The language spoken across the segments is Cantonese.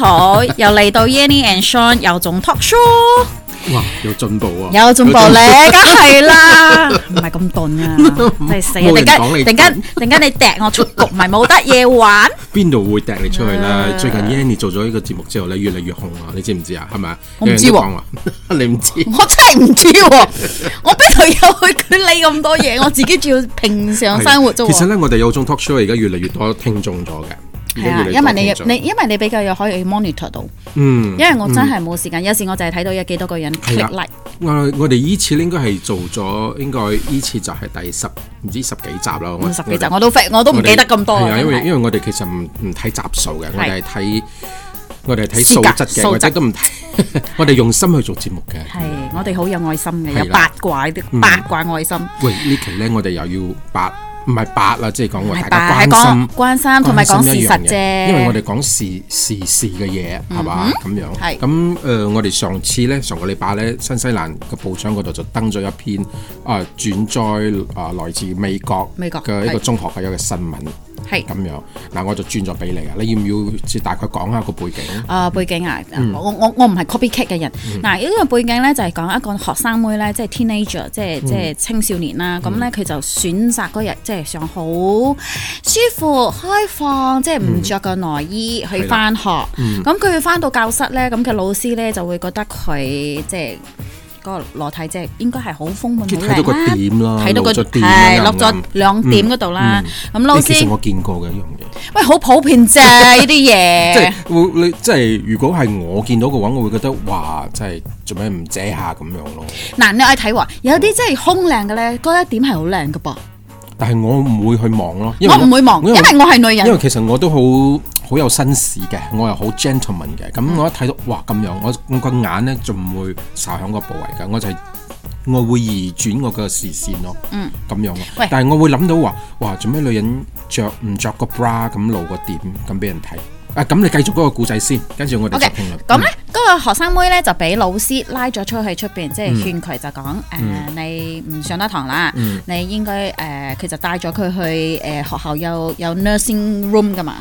好，又嚟到 Yanny and Sean 有種 talk show，哇，有進步啊，有進步咧，梗係啦，唔係咁鈍啊，真係死啦！突然間，突然間，突然間，你踢我出局，咪冇得嘢玩？邊度會踢你出去啦？最近 Yanny 做咗呢個節目之後咧，越嚟越紅啊，你知唔知啊？係咪啊？我唔知喎，你唔知？我真係唔知喎，我邊度有去管你咁多嘢？我自己仲平常生活做。其實咧，我哋有種 talk show 而家越嚟越多聽眾咗嘅。係啊，因為你你因為你比較有可以 monitor 到，嗯，因為我真係冇時間，有時我就係睇到有幾多個人 click like。我我哋依次應該係做咗，應該依次就係第十唔知十幾集啦。十幾集我都飛，我都唔記得咁多。係啊，因為因為我哋其實唔唔睇集數嘅，我哋係睇我哋係睇素質嘅，素質都唔睇。我哋用心去做節目嘅。係，我哋好有愛心嘅，有八卦啲八卦愛心。喂，呢期咧我哋又要八。唔係八啦，即係講大家關心，關心同埋講事實啫。因為我哋講時事事事嘅嘢，係嘛，咁樣。咁誒是、呃，我哋上次咧，上個禮拜咧，新西蘭嘅報章嗰度就登咗一篇啊、呃、轉載啊來自美國美國嘅一個中學嘅一個新聞。係咁是樣，嗱，我就轉咗俾你啊！你要唔要即大概講下個背景？啊、哦，背景啊，嗯、我我我唔係 copycat 嘅人。嗱、嗯，呢個背景咧就係講一個學生妹咧，即、就、係、是、teenager，即係即係青少年啦。咁咧佢就選擇嗰日即係想好舒服、開放，即係唔着個內衣去翻學。咁佢翻到教室咧，咁佢老師咧就會覺得佢即係。就是個裸體即係應該係好豐滿、好睇到個點啦，落咗點，係落咗兩點嗰度啦。咁老師我見過嘅一樣嘢，喂，好普遍啫呢啲嘢。即係會你即係如果係我見到嘅話，我會覺得哇，即係做咩唔遮下咁樣咯？嗱，你睇話有啲真係胸靚嘅咧，嗰一點係好靚嘅噃。但係我唔會去望咯，我唔會望，因為我係女人，因為其實我都好。好有紳士嘅，我又好 gentleman 嘅。咁我一睇到，嗯、哇咁樣，我我個眼咧就唔會曬喺個部位嘅，我就係、係、我會移轉我個視線咯。嗯樣，咁樣啊，但係我會諗到話，哇做咩女人着唔着個 bra 咁露個點咁俾人睇？啊，咁你繼續嗰個故仔先，跟住我哋做評論啦。咁咧，嗰個學生妹咧就俾老師拉咗出去出邊，即係勸佢就講：誒，你唔上得堂啦，你應該誒，佢就帶咗佢去誒學校有有 nursing room 噶嘛。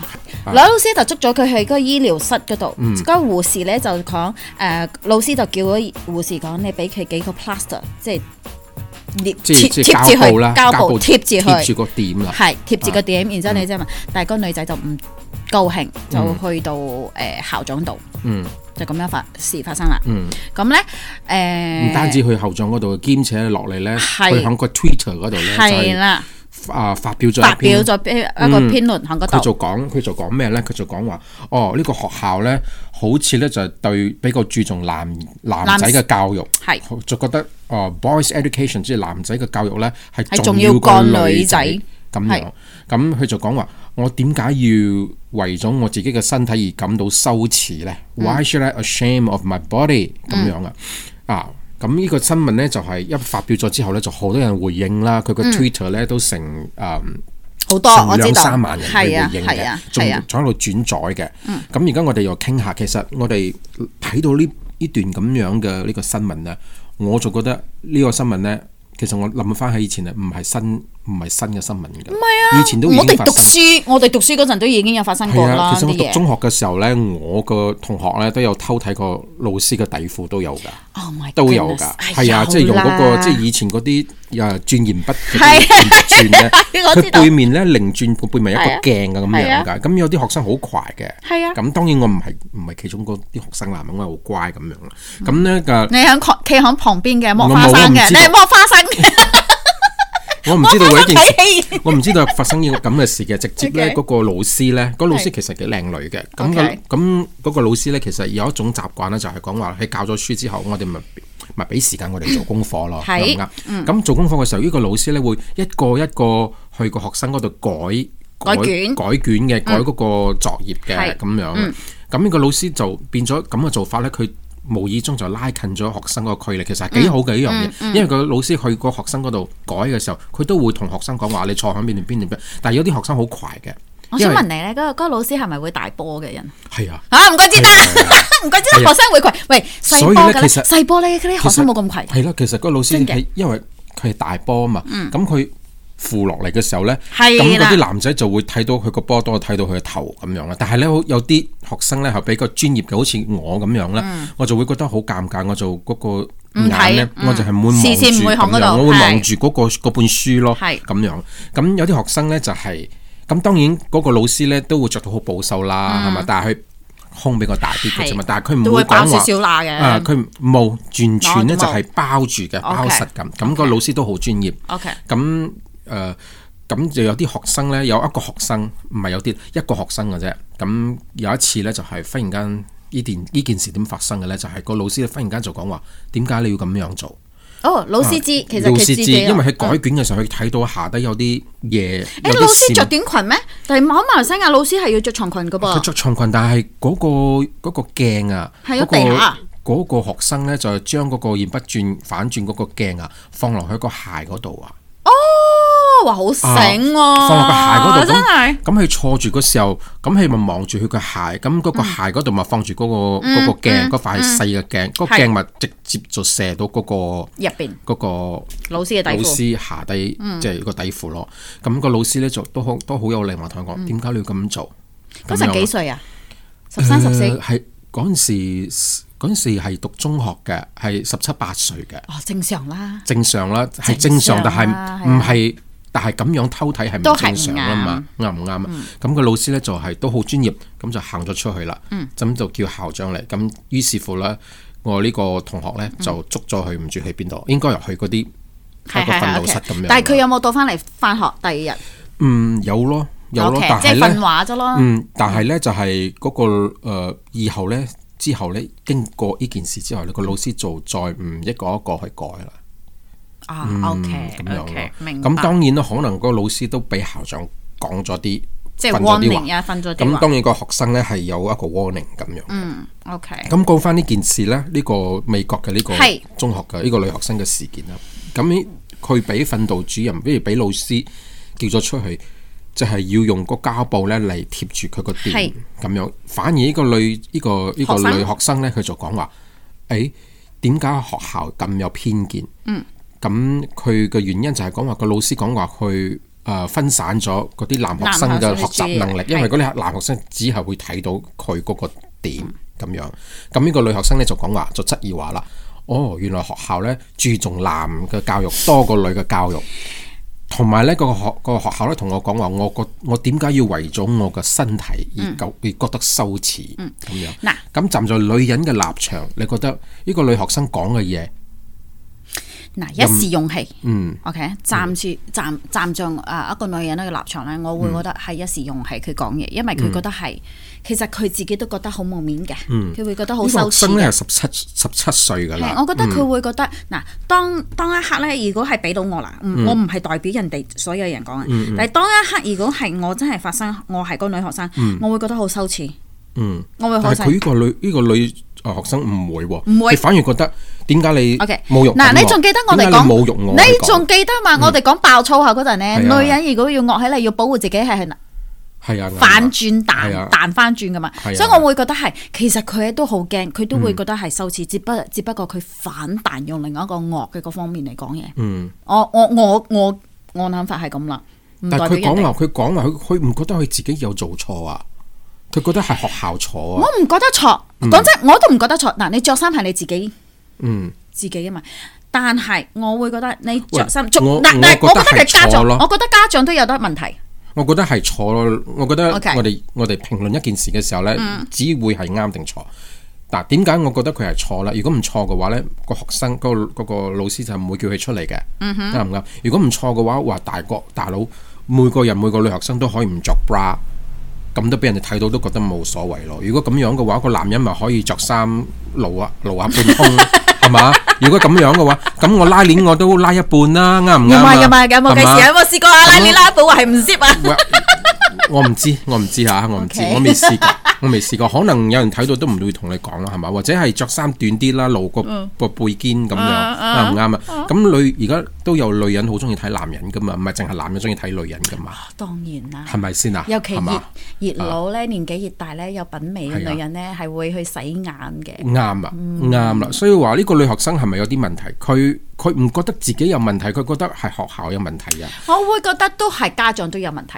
老師就捉咗佢去嗰個醫療室嗰度，嗰個護士咧就講：誒，老師就叫咗護士講，你俾佢幾個 plaster，即係貼貼貼住佢，膠布貼住，貼住個點啦。係貼住個點，然之後你即係問，但係嗰女仔就唔。高興就去到誒校長度，嗯，就咁樣發事發生啦。嗯，咁咧誒，唔單止去校長嗰度，兼且落嚟咧，佢喺個 Twitter 嗰度咧，係啦，啊發表咗發表咗一個篇論喺度，佢就講佢就講咩咧？佢就講話，哦呢個學校咧，好似咧就對比較注重男男仔嘅教育，係就覺得哦 boys education 即係男仔嘅教育咧係重要過女仔咁樣，咁佢就講話。我點解要為咗我自己嘅身體而感到羞恥呢？Why should I ashamed of my body？咁、嗯、樣啊，啊，咁依個新聞呢，就係、是、一發表咗之後呢，就好多人回應啦。佢個 Twitter 呢，嗯、都成誒好、嗯、多，兩三萬人係回應係啊，仲喺度轉載嘅。咁而家我哋又傾下，其實我哋睇到呢呢段咁樣嘅呢個新聞呢，我就覺得呢個新聞呢，其實我諗翻起以前啊，唔係新。唔係新嘅新聞嘅，唔係啊，以前都我哋讀書，我哋讀書嗰陣都已經有發生過啦。其實我讀中學嘅時候咧，我個同學咧都有偷睇過老師嘅底褲都有㗎。Oh my，都有㗎，係啊，即係用嗰個即係以前嗰啲啊鉛硏筆，係啊，轉嘅。佢背面咧零轉，佢背面一個鏡嘅咁樣㗎。咁有啲學生好怪嘅，係啊。咁當然我唔係唔係其中嗰啲學生啦，我係好乖咁樣啦。咁咧嘅，你喺旁企喺旁邊嘅剝花生嘅，你係剝花生嘅。 我唔知道嗰件事， 我唔知道發生呢咁嘅事嘅，直接咧嗰 Okay. 個老師咧，嗰、嗰個、老師其實幾靚女嘅，咁嘅咁個老師咧，其實有一種習慣咧，就係講話喺教咗書之後，我哋咪咪俾時間我哋做功課咯，係唔啱？咁做功課嘅時候，呢、呢個老師咧會一個一個去個學生嗰度改改，改卷改卷嘅，改嗰個作業嘅咁、嗯、樣，咁呢、嗯、個老師就變咗咁嘅做法咧，佢。無意中就拉近咗學生嗰個距離，其實係幾好嘅呢樣嘢，嗯嗯嗯、因為個老師去個學生嗰度改嘅時候，佢都會同學生講話你坐喺邊度邊度，但係有啲學生好愧嘅。我想問你呢，嗰、嗰個個老師係咪會大波嘅人？係啊，吓唔該知啦，唔該知啦。學生會愧。喂，細波咧，細波咧，佢啲學生冇咁愧。係咯，其實嗰個老師係因為佢係大波啊嘛，咁佢、嗯。附落嚟嘅時候呢，咁嗰啲男仔就會睇到佢個波多睇到佢嘅頭咁樣啦。但係呢，好有啲學生呢，係比較專業嘅，好似我咁樣呢，我就會覺得好尷尬，我就嗰個眼呢，我就係唔會望住咁樣，我會望住嗰個本書咯，咁樣。咁有啲學生呢，就係，咁當然嗰個老師呢，都會着到好保守啦，係嘛？但係佢胸比較大啲嘅啫嘛，但係佢唔會講話。會爆少佢冇完全呢，就係包住嘅，包實咁。咁個老師都好專業。咁誒，咁又、呃、有啲學生咧，有一個學生唔係有啲一個學生嘅啫。咁有一次咧，就係、是、忽然間呢件呢件事點發生嘅咧，就係、是、個老師咧忽然間就講話：點解你要咁樣做？哦，老師知，啊、其實老師知，其實其實因為喺改卷嘅時候，佢睇、嗯、到下低有啲嘢。誒、欸，老師着短裙咩？但係馬馬來西亞老師係要着長裙嘅噃。佢着長裙，但係嗰、那個嗰、那個鏡啊，係、那個嗰、那個學生咧就將、是、嗰個鉛筆轉反轉嗰個鏡啊放落去個鞋嗰度啊。話好醒，放落個鞋嗰度，咁佢坐住嗰時候，咁佢咪望住佢個鞋，咁嗰個鞋嗰度咪放住嗰個嗰個鏡個塊細嘅鏡，個鏡咪直接就射到嗰個入邊嗰個老師嘅底褲，老師下底即係個底褲咯。咁個老師咧就都好都好有靈魂同佢講，點解你要咁做？嗰陣幾歲啊？十三十四係嗰陣時，嗰陣時係讀中學嘅，係十七八歲嘅。哦，正常啦，正常啦，係正常，但係唔係。但係咁樣偷睇係唔正常啊嘛，啱唔啱啊？咁、嗯、個老師咧就係、是、都好專業，咁就行咗出去啦。咁、嗯、就叫校長嚟。咁於是乎咧，我呢個同學咧就捉咗佢，唔住喺邊度，應該入去嗰啲、嗯、一個訓導室咁、okay, 樣。但係佢有冇到翻嚟翻學第二日？嗯，有咯，有咯。即係訓話啫咯。嗯，但係咧就係嗰、嗰個誒、呃，以後咧之後咧，經過呢件事之後咧，個老師就再唔一,一個一個去改啦。啊、嗯、，OK，咁樣，okay, 明白。咁當然啦，可能個老師都俾校長講咗啲，即係 warning 咁當然個學生咧係有一個 warning 咁樣。嗯，OK。咁講翻呢件事咧，呢個美國嘅呢個中學嘅呢個女學生嘅事件啦。咁佢俾訓導主任，不如俾老師叫咗出去，就係要用個膠布咧嚟貼住佢個墊咁樣。反而呢個女呢個呢個女學生咧，佢就講話：，誒點解學校咁有偏見？嗯。咁佢嘅原因就係講話個老師講話去誒分散咗嗰啲男學生嘅學習能力，因為嗰啲男學生只係會睇到佢嗰個點咁樣。咁呢個女學生呢，就講話就質疑話啦：哦，原來學校呢，注重男嘅教育多過女嘅教育，同埋呢、個學、個學校呢，同我講話，我覺得我點解要為咗我嘅身體而覺而覺得羞恥咁樣？嗱，咁站在女人嘅立場，你覺得呢個女學生講嘅嘢？嗱，一時勇氣，OK，站住。站，站在啊一個女人咧嘅立場咧，我會覺得係一時勇氣佢講嘢，因為佢覺得係，其實佢自己都覺得好冇面嘅，佢會覺得好羞恥嘅。十七十七歲噶啦，我覺得佢會覺得，嗱，當當一刻咧，如果係俾到我啦，我唔係代表人哋所有人講嘅，但係當一刻如果係我真係發生，我係個女學生，我會覺得好羞恥，我會好。但個女呢個女。啊！學生唔會喎，佢反而覺得點解你侮辱？嗱，你仲記得我哋講點解你侮辱我？你仲記得嘛？我哋講爆粗嚇嗰陣咧，女人如果要惡起嚟，要保護自己係係，係啊，反轉彈彈翻轉噶嘛。所以我會覺得係，其實佢都好驚，佢都會覺得係羞恥，只不只不過佢反彈用另外一個惡嘅嗰方面嚟講嘢。嗯，我我我我我諗法係咁啦。但佢講話，佢講話，佢佢唔覺得佢自己有做錯啊？佢覺得係學校錯啊！我唔覺得錯，講真、嗯，我都唔覺得錯。嗱，你着衫係你自己，嗯，自己啊嘛。但係我會覺得你着衫，但係我，我覺得你家長，我覺得家長都有得問題。我覺得係錯，我覺得我哋 Okay. 我哋評論一件事嘅時候呢，嗯、只會係啱定錯。嗱，點解我覺得佢係錯啦？如果唔錯嘅話呢，個學生、嗰個老師就唔會叫佢出嚟嘅。啱唔啱？如果唔錯嘅話，話大哥大佬，每個人每個女學生都可以唔著 bra。咁都俾人哋睇到，都覺得冇所謂咯。如果咁樣嘅話，個男人咪可以着衫露啊露下半胸，係嘛？如果咁樣嘅話，咁我拉鏈我都拉一半啦，啱唔啱有冇有冇有冇計事啊！對對吧我試過、啊、那麼 拉鏈拉到半係唔接啊。我唔知，我唔知吓，我唔知，我未試過，我未試過，可能有人睇到都唔會同你講啦，係嘛？或者係着衫短啲啦，露個個背肩咁樣，啱唔啱啊？咁女而家都有女人好中意睇男人噶嘛？唔係淨係男人中意睇女人噶嘛？當然啦，係咪先啊？尤其越老咧，年紀越大咧，有品味嘅女人咧，係會去洗眼嘅。啱啦，啱啦，所以話呢個女學生係咪有啲問題？佢佢唔覺得自己有問題，佢覺得係學校有問題啊？我會覺得都係家長都有問題。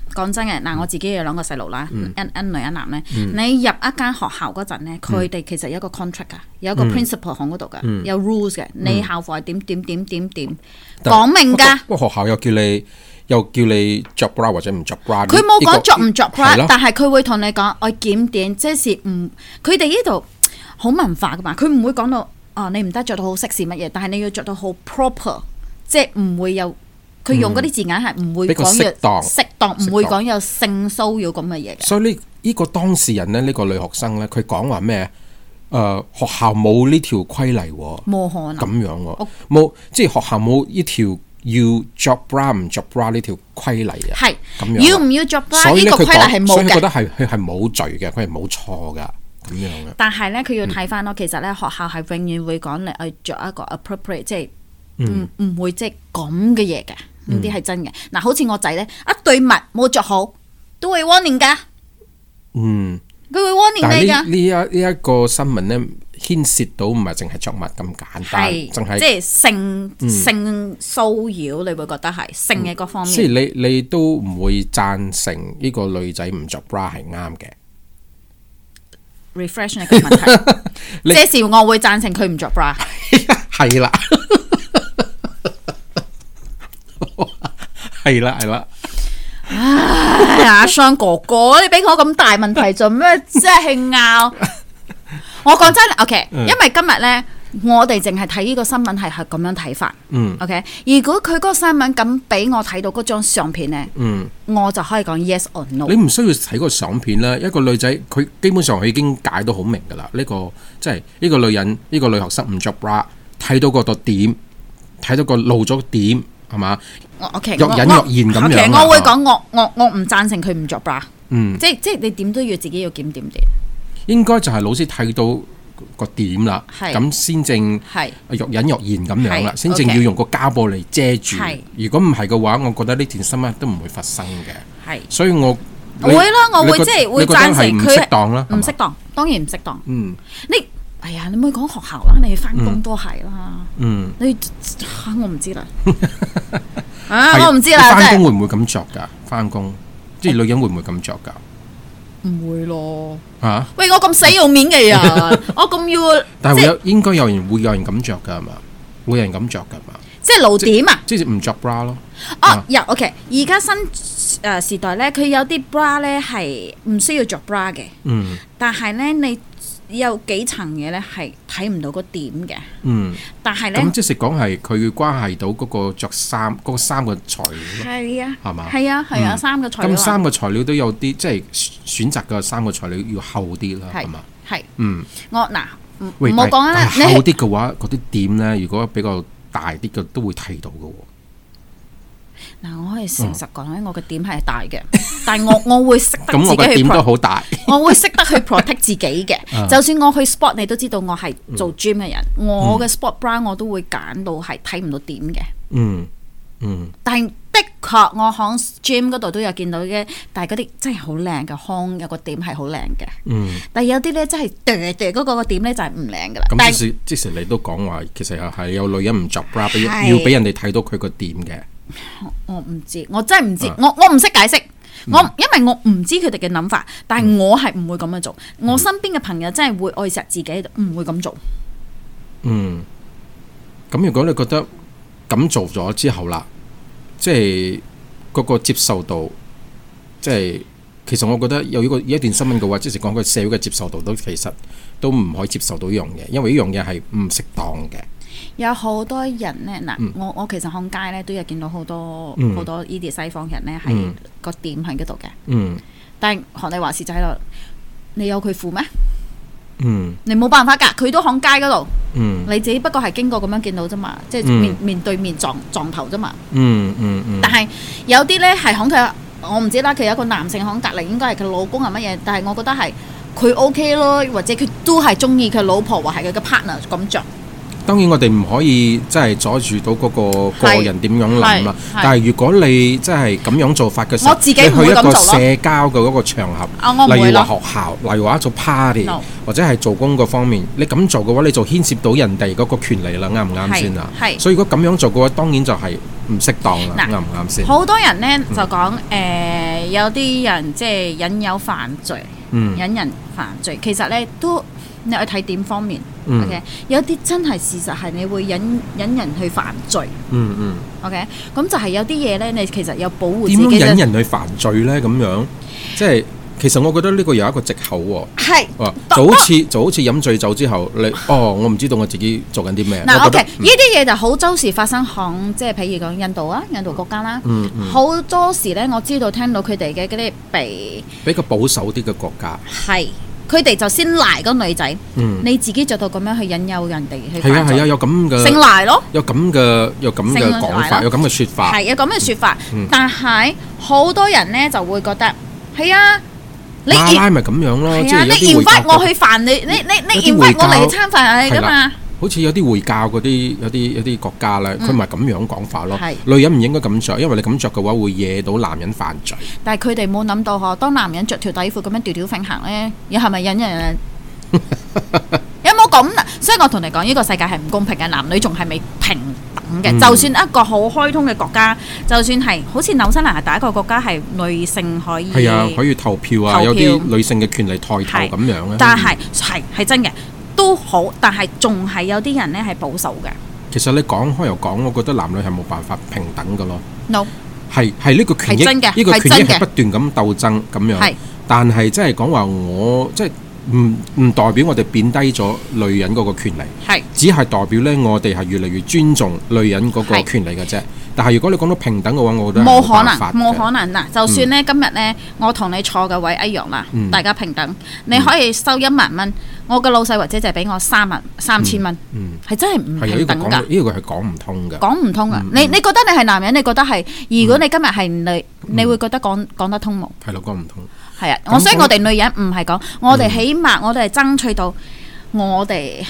講真嘅，嗱，我自己有兩個細路啦，一女一男咧。你入一間學校嗰陣咧，佢哋其實有一個 contract 啊，有一個 principal 喺嗰度噶，有 rules 嘅。你校服係點點點點點，講明噶不過學校又叫你又叫你着 bra 或者唔着 bra。佢冇講着唔着 bra，但係佢會同你講我檢點，即是唔。佢哋呢度好文化噶嘛，佢唔會講到哦，你唔得着到好 sexy 乜嘢，但係你要着到好 proper，即係唔會有。佢用嗰啲字眼係唔會講適當，適當唔會講有性騷擾咁嘅嘢。所以呢，呢個當事人咧，呢個女學生呢，佢講話咩？誒，學校冇呢條規例，冇可能咁樣，冇即係學校冇呢條要着 bra 唔着 bra 呢條規例啊。係咁樣，要唔要着 bra？呢個規例係冇嘅，所以我覺得係佢係冇罪嘅，佢係冇錯噶，咁樣。但係呢，佢要睇翻咯，其實呢，學校係永遠會講你去做一個 appropriate，即係唔唔會即係咁嘅嘢嘅。呢啲係真嘅，嗱，好似我仔咧，一對襪冇着好，都會 warning 噶。嗯，佢會 warning 這你噶的。呢一呢一,一個新聞咧，牽涉到唔係淨係着襪咁簡單，淨係是即係性、嗯、性騷擾，你會覺得係性嘅各方面。即係、嗯、你你都唔會贊成呢個女仔唔着 bra 係啱嘅。 refresh 一個問題，即係 你 我會贊成佢唔着 bra，係啦。係啦係啦，哎呀唉，雙、 啊、哥哥，你俾我咁大問題做咩？即係拗， 我講真，O、okay, K，、嗯、因為今日咧，我哋淨係睇呢個新聞係係咁樣睇法，okay? 嗯，O K。如果佢嗰個新聞咁俾我睇到嗰張相片咧，嗯，我就可以講 yes or no。你唔需要睇個相片啦，嗯、一個女仔佢基本上已經解到好明噶啦。呢、這個即係呢個女人呢、這個女學生唔着 bra，睇到個度點，睇到個露咗點。係嘛？若隱若現咁樣。我會講我我我唔贊成佢唔作 bra。嗯。即即你點都要自己要檢點啲。應該就係老師睇到個點啦，咁先正。係。若隱若現咁樣啦，先正要用個膠布嚟遮住。如果唔係嘅話，我覺得呢段新聞都唔會發生嘅。係。所以我會啦，我會即係會贊成佢唔適當啦，唔適當，當然唔適當。嗯。你。哎呀，你唔好講學校啦，你翻工都係啦。嗯，你我唔知啦。啊，我唔知啦。真係翻工會唔會咁着噶？翻工即係女人會唔會咁着噶？唔會咯。啊？喂，我咁死要面嘅人，我咁要，但係會有應該有人會有人咁着噶嘛？會有人咁着噶嘛？即係露點啊？即係唔着 bra 咯？哦，呀，OK，而家新誒時代咧，佢有啲 bra 咧係唔需要着 bra 嘅。嗯。但係咧，你。有幾層嘢咧，係睇唔到個點嘅。嗯，但係咧，咁即係講係佢關係到嗰個著衫嗰三個材料。係啊，係嘛？係啊，係啊，三個材料。咁三個材料都有啲即係選擇嘅三個材料要厚啲啦，係嘛？係。嗯，我嗱，唔好講啦。厚啲嘅話，嗰啲點咧，如果比較大啲嘅，都會睇到㗎。嗱，我可以誠實講咧，我嘅點係大嘅，但係我我會識得自己去， 點都好大。我會識得去 protect 自己嘅， 就算我去 sport，你都知道我係做 gym 嘅人。嗯、我嘅 sport bra 我都會揀到係睇唔到點嘅。嗯嗯。但係的確，我喺 gym 嗰度都有見到嘅，但係嗰啲真係好靚嘅胸有個點係好靚嘅。嗯嗯，但係有啲咧，真係嗰個個點咧就係唔靚噶啦。咁即時你都講話，其實係有女人唔著 bra，是要要俾人哋睇到佢個點嘅。我唔知，我真係唔知，我我唔識解釋我，釋我、嗯、因為我唔知佢哋嘅諗法，但係我係唔會咁樣做。嗯、我身邊嘅朋友真係會愛惜自己，唔會咁做。嗯，咁如果你覺得咁做咗之後啦，即係個個接受度，即、就、係、是、其實我覺得有呢個一段新聞嘅話，即係講佢社會嘅接受度都其實都唔可以接受到呢樣嘢，因為呢樣嘢係唔適當嘅。有好多人咧，嗱，我我其實行街咧，都有見到好多好、嗯、多呢啲西方人咧，喺個店喺嗰度嘅。嗯，嗯，但係韓麗華是仔度，你有佢負咩？嗯，你冇辦法噶，佢都行街嗰度。嗯、你自己不過係經過咁樣見到啫嘛、即、就、係、是、面、嗯、面對面撞撞頭啫嘛、嗯。嗯嗯，但係有啲咧係行佢，我唔知啦。佢有一個男性行隔籬，應該係佢老公係乜嘢，但係我覺得係佢 OK 咯，或者佢都係中意佢老婆，婆或係佢嘅 partner 咁着。當然我哋唔可以即係阻住到嗰個個人點樣諗啦。但係如果你即係咁樣做法嘅時候，我自己去一個社交嘅嗰個場合，例如話學校，例如話做 party，或者係做工嘅方面，你咁做嘅話，你就牽涉到人哋嗰個權利啦，啱唔啱先啊？係。所以如果咁樣做嘅話，當然就係唔適當啦，啱唔啱先？好多人咧就講誒，有啲人即係引誘犯罪，引人犯罪，其實咧都。你去睇點方面，OK？有啲真係事實係你會引引人去犯罪，嗯嗯，OK？咁、嗯、就係、是、有啲嘢咧，你其實有保護自己。點樣引人去犯罪咧？咁樣即係其實我覺得呢個有一個藉口喎，係哇就好似就飲醉酒之後，你哦我唔知道我自己做緊啲咩。嗱、嗯嗯、OK，呢啲嘢就好周時發生響即係譬如講印度啊，印度國家啦，好、嗯嗯、多時咧，我知道聽到佢哋嘅嗰啲被比較保守啲嘅國家係。佢哋就先賴個女仔，你自己着到咁樣去引誘人哋，係啊係啊，有咁嘅，性賴咯，有咁嘅有咁嘅講法，有咁嘅説法，係啊，有咁嘅説法。但係好多人咧就會覺得係啊，你賴咪咁樣咯，係啊，你嫌我去煩你，你你你嫌我嚟餐飯係㗎嘛？好似有啲回教嗰啲、有啲、有啲國家咧，佢咪咁樣講法咯？女人唔應該咁著，因為你咁著嘅話會惹到男人犯罪。但係佢哋冇諗到呵，當男人著條底褲咁樣調調瞓行咧，又係咪引人？有冇咁啊？所以我同你講，呢個世界係唔公平嘅，男女仲係未平等嘅。就算一個好開通嘅國家，就算係好似紐西蘭係第一個國家，係女性可以係啊，可以投票啊，有啲女性嘅權利抬頭咁樣咧。但係係係真嘅。都好，但係仲係有啲人呢係保守嘅。其實你講開又講，我覺得男女係冇辦法平等噶咯。No，係係呢個權益，呢個權益係不斷咁鬥爭咁樣。但係即係講話我即係唔唔代表我哋貶低咗女人嗰個權利，係是只係代表呢，我哋係越嚟越尊重女人嗰個權利嘅啫。但係如果你講到平等嘅話，我覺得冇可能，冇可能嗱。就算咧今日咧，我同你坐嘅位一樣啦，大家平等，你可以收一萬蚊，我嘅老細或者就係俾我三萬三千蚊，係真係唔平等㗎。呢個係講唔通㗎，講唔通㗎。你你覺得你係男人，你覺得係。如果你今日係女，你會覺得講講得通冇？係咯，講唔通。係啊，我所以我哋女人唔係講，我哋起碼我哋係爭取到我哋。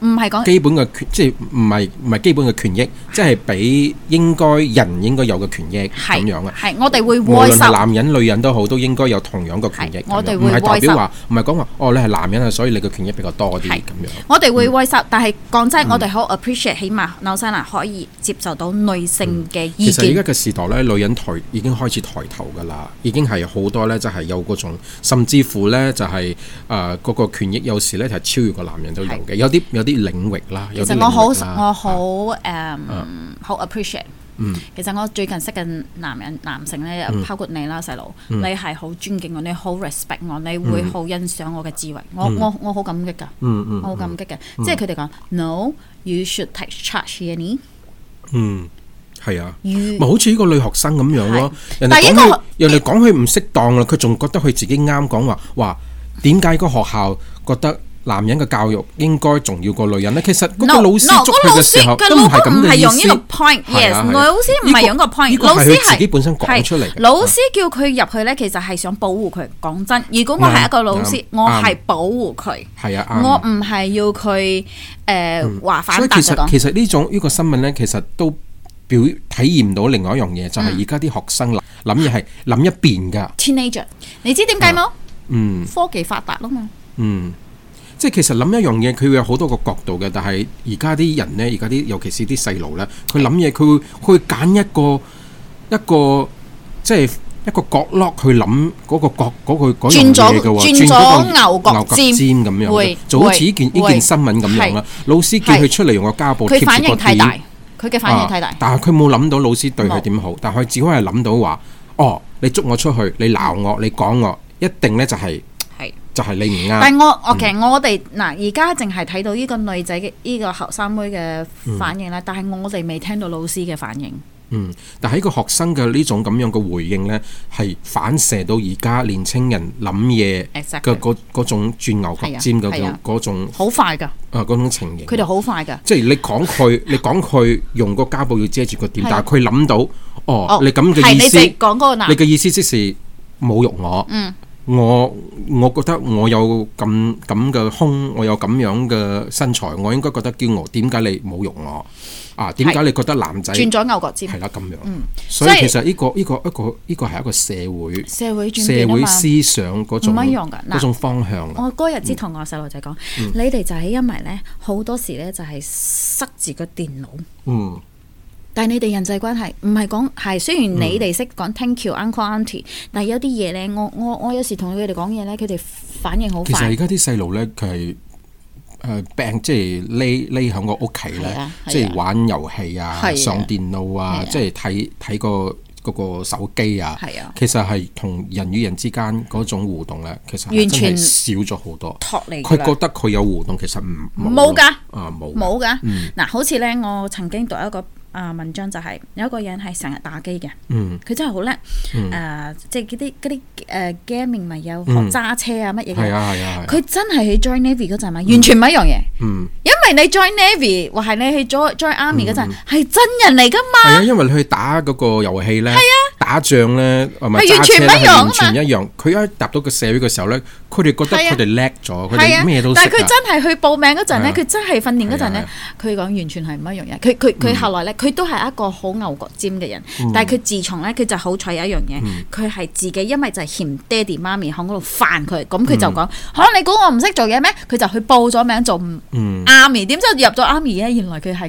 唔係講基本嘅權，即係唔係唔係基本嘅權益，即係俾應該人應該有嘅權益咁樣嘅。係我哋會維護。無論係男人、女人都好，都應該有同樣嘅權益。我哋會維護。唔係代表話，唔係講話哦，你係男人啊，所以你嘅權益比較多啲咁樣。我哋會維護，但係講真，我哋好 appreciate，起碼紐西蘭可以接受到女性嘅意見。其實而家嘅時代咧，女人抬已經開始抬頭㗎啦，已經係好多咧，就係有嗰種，甚至乎咧就係誒嗰個權益有時咧係超越個男人都有嘅，有啲啲領域啦，其實我好我好誒好 appreciate。其實我最近識嘅男人男性咧，包括你啦，細佬，你係好尊敬我，你好 respect 我，你會好欣賞我嘅智慧，我我我好感激㗎，我好感激嘅。即係佢哋講，no，you should take charge any。嗯，係啊，咪好似依個女學生咁樣咯。但係依個人哋講佢唔適當啦，佢仲覺得佢自己啱講話，話點解個學校覺得？男人嘅教育應該重要過女人咧。其實，個老師捉佢嘅時候都唔係咁嘅意思。係啊，老師唔係用個 point。老師係自己本身講出嚟。老師叫佢入去咧，其實係想保護佢。講真，如果我係一個老師，我係保護佢。係啊，我唔係要佢誒話反彈。所以其實其實呢種呢個新聞咧，其實都表體驗到另外一樣嘢，就係而家啲學生諗諗嘢係諗一邊噶。Teenager，你知點解冇？嗯，科技發達啦嘛。嗯。即係其實諗一樣嘢，佢會有好多個角度嘅。但係而家啲人呢，而家啲尤其是啲細路呢，佢諗嘢佢會去揀一個一個即係一個角落去諗嗰個角嗰句嗰樣嘢嘅喎，轉咗牛角尖咁樣，就好似呢件呢件新聞咁樣啦。老師叫佢出嚟用個家暴貼住個面，佢反應太大，佢嘅反應太大。但係佢冇諗到老師對佢點好，但係佢只可以係諗到話：哦，你捉我出去，你鬧我，你講我，一定呢就係。就係你唔啱。但係我我其實我哋嗱而家淨係睇到呢個女仔嘅呢個學生妹嘅反應啦，但係我哋未聽到老師嘅反應。嗯，但係個學生嘅呢種咁樣嘅回應咧，係反射到而家年青人諗嘢嘅嗰嗰種鑽牛角尖嘅嗰種，好快㗎。啊，嗰種情形。佢哋好快㗎，即係你講佢，你講佢用個膠布要遮住個點，但係佢諗到，哦，你咁嘅意思。係你直講嗰個男。你嘅意思即係侮辱我。嗯。我我覺得我有咁咁嘅胸，我有咁樣嘅身材，我應該覺得驕傲。點解你侮辱我？啊，點解你覺得男仔轉咗牛角尖？係啦，咁樣。嗯，所以，所以其實呢、呢個依、呢個一、呢個依、呢個係一個社會社會社會思想嗰種唔一樣㗎，嗰種方向。啊嗯、我嗰日之同我細路仔講，嗯、你哋就係因為咧好多時咧就係塞住個電腦。嗯。但係你哋人際關係唔係講係，雖然你哋識講 Thank you uncle auntie，但係有啲嘢咧，我我我有時同佢哋講嘢咧，佢哋反應好快。其實而家啲細路咧，佢係誒病，即係匿匿喺個屋企咧，即係玩遊戲啊，上電腦啊，即係睇睇個嗰個手機啊。係啊，其實係同人與人之間嗰種互動咧，其實完全少咗好多。脫佢覺得佢有互動，其實唔冇㗎。冇冇㗎。嗱，好似咧，我曾經讀一個。啊！文章就係有一個人係成日打機嘅，佢真係好叻。誒，即係嗰啲嗰啲誒，gaming 咪有學揸車啊乜嘢嘅。佢真係去 join navy 嗰陣啊，完全唔係一樣嘢。嗯，因為你 join navy 或係你去 join join army 嗰陣係真人嚟噶嘛。係啊，因為你去打嗰個遊戲咧。打仗咧，同埋揸一車咧，完全一樣。佢一踏入個社會嘅時候咧，佢哋覺得佢哋叻咗，佢哋咩都識。但係佢真係去報名嗰陣咧，佢真係訓練嗰陣咧，佢講完全係唔一樣嘅。佢佢佢後來咧，佢都係一個好牛角尖嘅人。但係佢自從咧，佢就好彩有一樣嘢，佢係自己，因為就係嫌爹哋媽咪喺嗰度煩佢，咁佢就講，可你估我唔識做嘢咩？佢就去報咗名做 Army，點知入咗 Army 咧，原來佢係。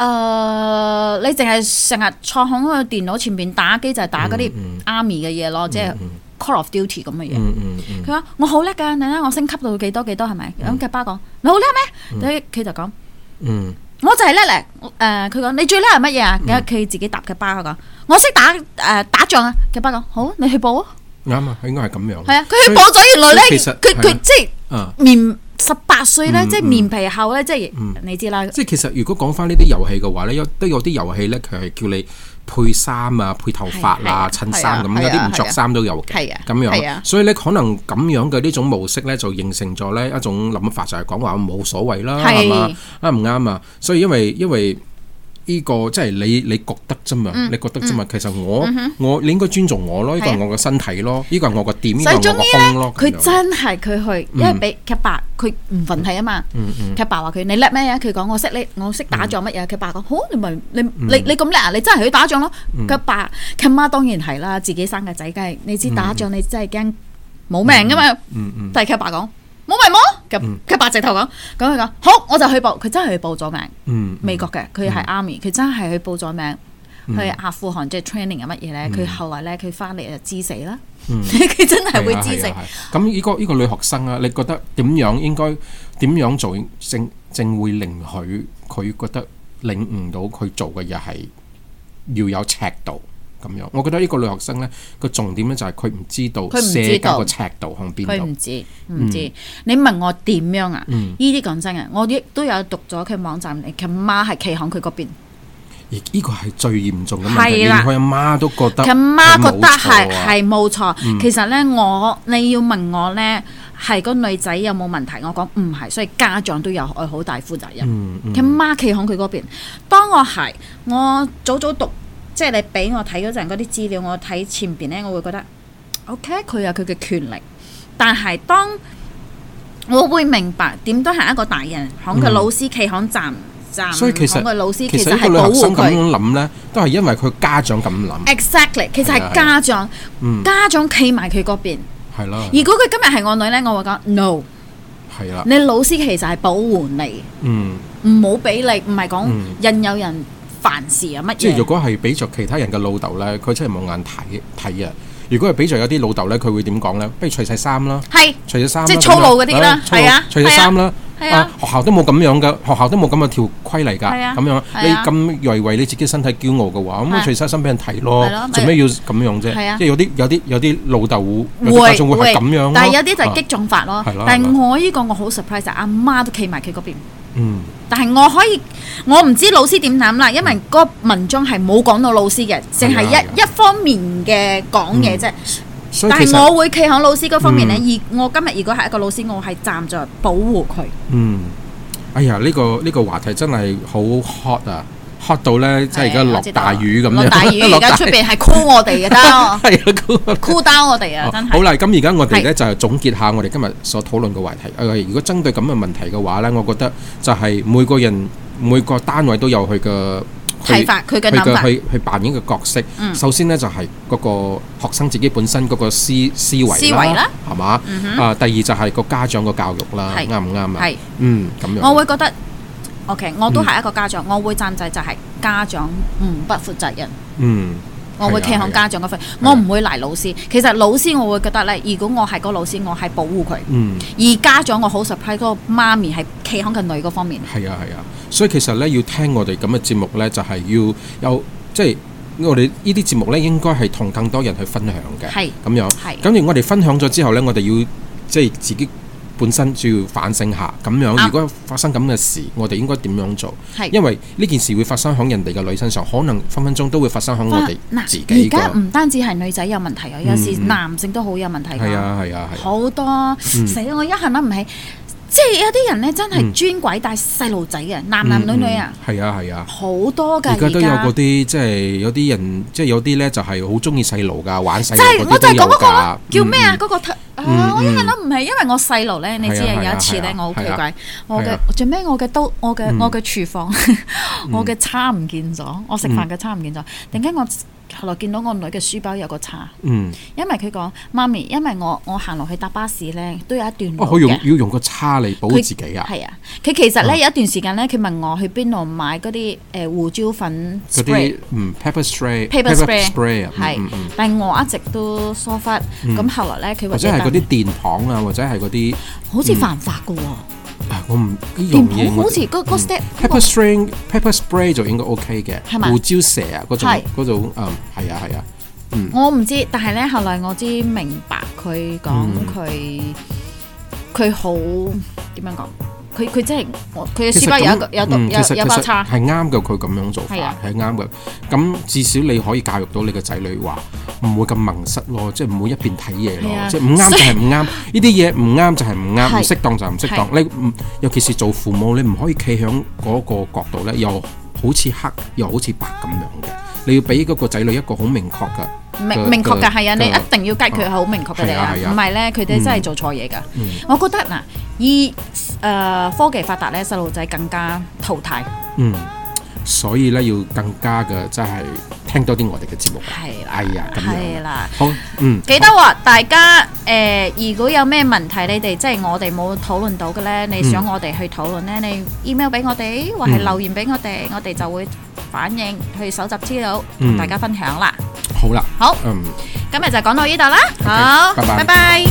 誒，你淨係成日坐響個電腦前邊打機，就係打嗰啲 Army 嘅嘢咯，即係 Call of Duty 咁嘅嘢。佢話我好叻㗎，你睇我升級到幾多幾多係咪？咁佢爸講你好叻咩？所以佢就講，我就係叻嚟。誒，佢講你最叻係乜嘢啊？佢自己搭佢爸講，我識打誒打仗啊。佢爸講好，你去報啊。啱啊，應該係咁樣。係啊，佢去報咗，原來咧，佢佢最明。十八歲咧，即係面皮厚咧，即係、嗯、你知啦。即係其實如果講翻呢啲遊戲嘅話咧，有都有啲遊戲咧，佢係叫你配衫啊、配頭髮啊、襯衫咁，啊、有啲唔着衫都有嘅。係啊，咁樣，啊、所以咧可能咁樣嘅呢種模式咧，就形成咗咧一種諗法就，就係講話冇所謂啦，係嘛、啊，啱唔啱啊？所以因為，因為。呢個即係你你覺得啫嘛，你覺得啫嘛。其實我我你應該尊重我咯，呢個係我個身體咯，呢個係我個點，依個係佢真係佢去，因為俾佢爸佢唔忿氣啊嘛。佢爸話佢，你叻咩嘢？佢講我識你，我識打仗乜嘢？佢爸講好，你咪，你你你咁叻啊？你真係去打仗咯？佢爸，佢媽當然係啦，自己生嘅仔梗係你知打仗你真係驚冇命噶嘛。但係佢爸講。冇咪冇？佢佢白直頭講，咁佢講好，我就去報。佢真係去報咗名，嗯嗯、美國嘅，佢係 Army，佢真係去報咗名去、嗯、阿富汗即係做 training 係乜嘢咧？佢、嗯、後來咧佢翻嚟就知死啦，佢、嗯、 真係會知死。咁呢、嗯嗯啊啊啊啊啊這個呢、這個女學生啊，你覺得點樣應該點樣做正正會令佢佢覺得領悟到佢做嘅嘢係要有尺度。咁樣，我覺得呢個女學生咧，個重點咧就係佢唔知道社交個尺度向邊度，佢唔、嗯、知唔知。你問我點樣啊？呢啲講真嘅，我亦都有讀咗佢網站，佢阿媽係企喺佢嗰邊。而呢個係最嚴重嘅問題，的連佢阿媽都覺得、啊。佢阿媽覺得係係冇錯。嗯、其實咧，我你要問我咧，係個女仔有冇問題？我講唔係，所以家長都有愛好大負責任。佢阿、嗯嗯、媽企喺佢嗰邊，當我係我早早讀。即係你俾我睇嗰陣嗰啲資料，我睇前邊咧，我會覺得，OK，佢有佢嘅權力，但係當我會明白點都係一個大人，佢老師企喺站站，所以其實其實個女學生咁樣諗咧，都係因為佢家長咁諗。Exactly，其實係家長，家長企埋佢嗰邊。係啦。如果佢今日係我女咧，我會講，No。係啦。你老師其實係保護你。嗯。唔好俾你，唔係講印有人。凡事啊乜嘢？即係如果係俾着其他人嘅老豆咧，佢真係冇眼睇睇啊！如果係俾着有啲老豆咧，佢會點講咧？不如除晒衫啦，係除咗衫，即係粗魯嗰啲啦，係啊，除咗衫啦啊！學校都冇咁樣噶，學校都冇咁嘅條規例噶，咁樣你咁為為你自己身體驕傲嘅話，咁啊除晒衫俾人睇咯，做咩要咁樣啫？即係有啲有啲有啲老豆會會會咁樣，但係有啲就激進法咯。但係我呢個我好 surprise 阿媽都企埋佢嗰邊，嗯。但係我可以，我唔知老師點諗啦，因為嗰文章係冇講到老師嘅，淨係一、啊、一方面嘅講嘢啫。嗯、但係我會企喺老師嗰方面呢，嗯、而我今日如果係一個老師，我係站在保護佢。嗯，哎呀，呢、呢個呢、呢個話題真係好 hot 啊！黑到咧，即係而家落大雨咁樣，而家出邊係酷我哋嘅，得係啊，酷酷到我哋啊，真係。好啦，咁而家我哋咧就係總結下我哋今日所討論嘅話題。誒，如果針對咁嘅問題嘅話咧，我覺得就係每個人每個單位都有佢嘅睇法，佢嘅諗法，去去扮演嘅角色。嗯。首先咧就係嗰個學生自己本身嗰個思思維啦，係嘛？嗯哼。啊，第二就係個家長個教育啦，啱唔啱啊？係。嗯，咁樣。我會覺得。OK，我都係一個家長，嗯、我會讚讚就係家長唔不負責任。嗯，啊、我會企響家長嗰份，啊、我唔會賴老師。啊、其實老師我會覺得咧，如果我係個老師，我係保護佢。嗯，而家長我好 support 嗰個媽咪係企響個女嗰方面。係啊係啊，所以其實咧要聽我哋咁嘅節目咧，就係、是、要有即係、就是、我哋呢啲節目咧，應該係同更多人去分享嘅。係咁是樣，係是。咁而我哋分享咗之後咧，我哋要即係自己。本身就要反省下咁樣，啊、如果發生咁嘅事，我哋應該點樣做？是因為呢件事會發生喺人哋嘅女身上，可能分分鐘都會發生喺我哋自己。而家唔單止係女仔有問題啊，嗯、有時男性都好有問題㗎。嗯、係啊係啊係。啊啊好多、嗯、死我一下諗唔起。即係有啲人咧，真係專鬼帶細路仔嘅，男男女女啊，係啊係啊，好多噶，而家都有嗰啲即係有啲人，即係有啲咧就係好中意細路噶，玩細路嗰啲遊戲啊。就係我就講個叫咩啊？嗰個，我諗唔係，因為我細路咧，你知啊，有一次咧，我好奇怪，我嘅最尾我嘅都，我嘅我嘅廚房，我嘅叉唔見咗，我食飯嘅叉唔見咗，突然間我。後來見到我女嘅書包有個叉，嗯、因為佢講媽咪，因為我我行落去搭巴士咧，都有一段路，哇、哦！好用要用個叉嚟保護自己呀。係啊，佢、啊、其實咧有、哦、一段時間咧，佢問我去邊度買嗰啲誒胡椒粉 ay,。嗰、嗯、啲 pepper spray，pepper spray，係。但係我一直都疏忽。咁、嗯、後來咧，佢或者係嗰啲電棒啊，或者係嗰啲，嗯、好似犯法噶喎。啊、我唔用嘢，好似個 step pepper spray，pepper spray 就應該 OK 嘅。嗯、胡椒蛇種種、嗯、啊，嗰種嗰種嗯，係啊係啊。我唔知，但係咧，後來我知明白佢講佢佢好點樣講。佢佢真係，佢嘅書包有一個有有有把叉，係啱嘅。佢咁樣做法係啱嘅。咁至少你可以教育到你嘅仔女話，唔會咁矇塞咯，即係唔會一邊睇嘢咯，即係唔啱就係唔啱，呢啲嘢唔啱就係唔啱，適當就唔適當。你尤其是做父母咧，你唔可以企喺嗰個角度咧，又好似黑，又好似白咁樣嘅。你要俾嗰個仔女一個好明確嘅明明確嘅係啊，你一定要解決好明確嘅係啊，唔係咧，佢哋真係做錯嘢㗎。我覺得嗱。以誒科技發達咧，細路仔更加淘汰。嗯，所以咧要更加嘅即係聽多啲我哋嘅節目。係啦，係啦，好，嗯，記得話大家誒，如果有咩問題，你哋即係我哋冇討論到嘅咧，你想我哋去討論咧，你 email 俾我哋，或係留言俾我哋，我哋就會反映去搜集資料，同大家分享啦。好啦，好，嗯，今日就講到呢度啦。好，拜拜。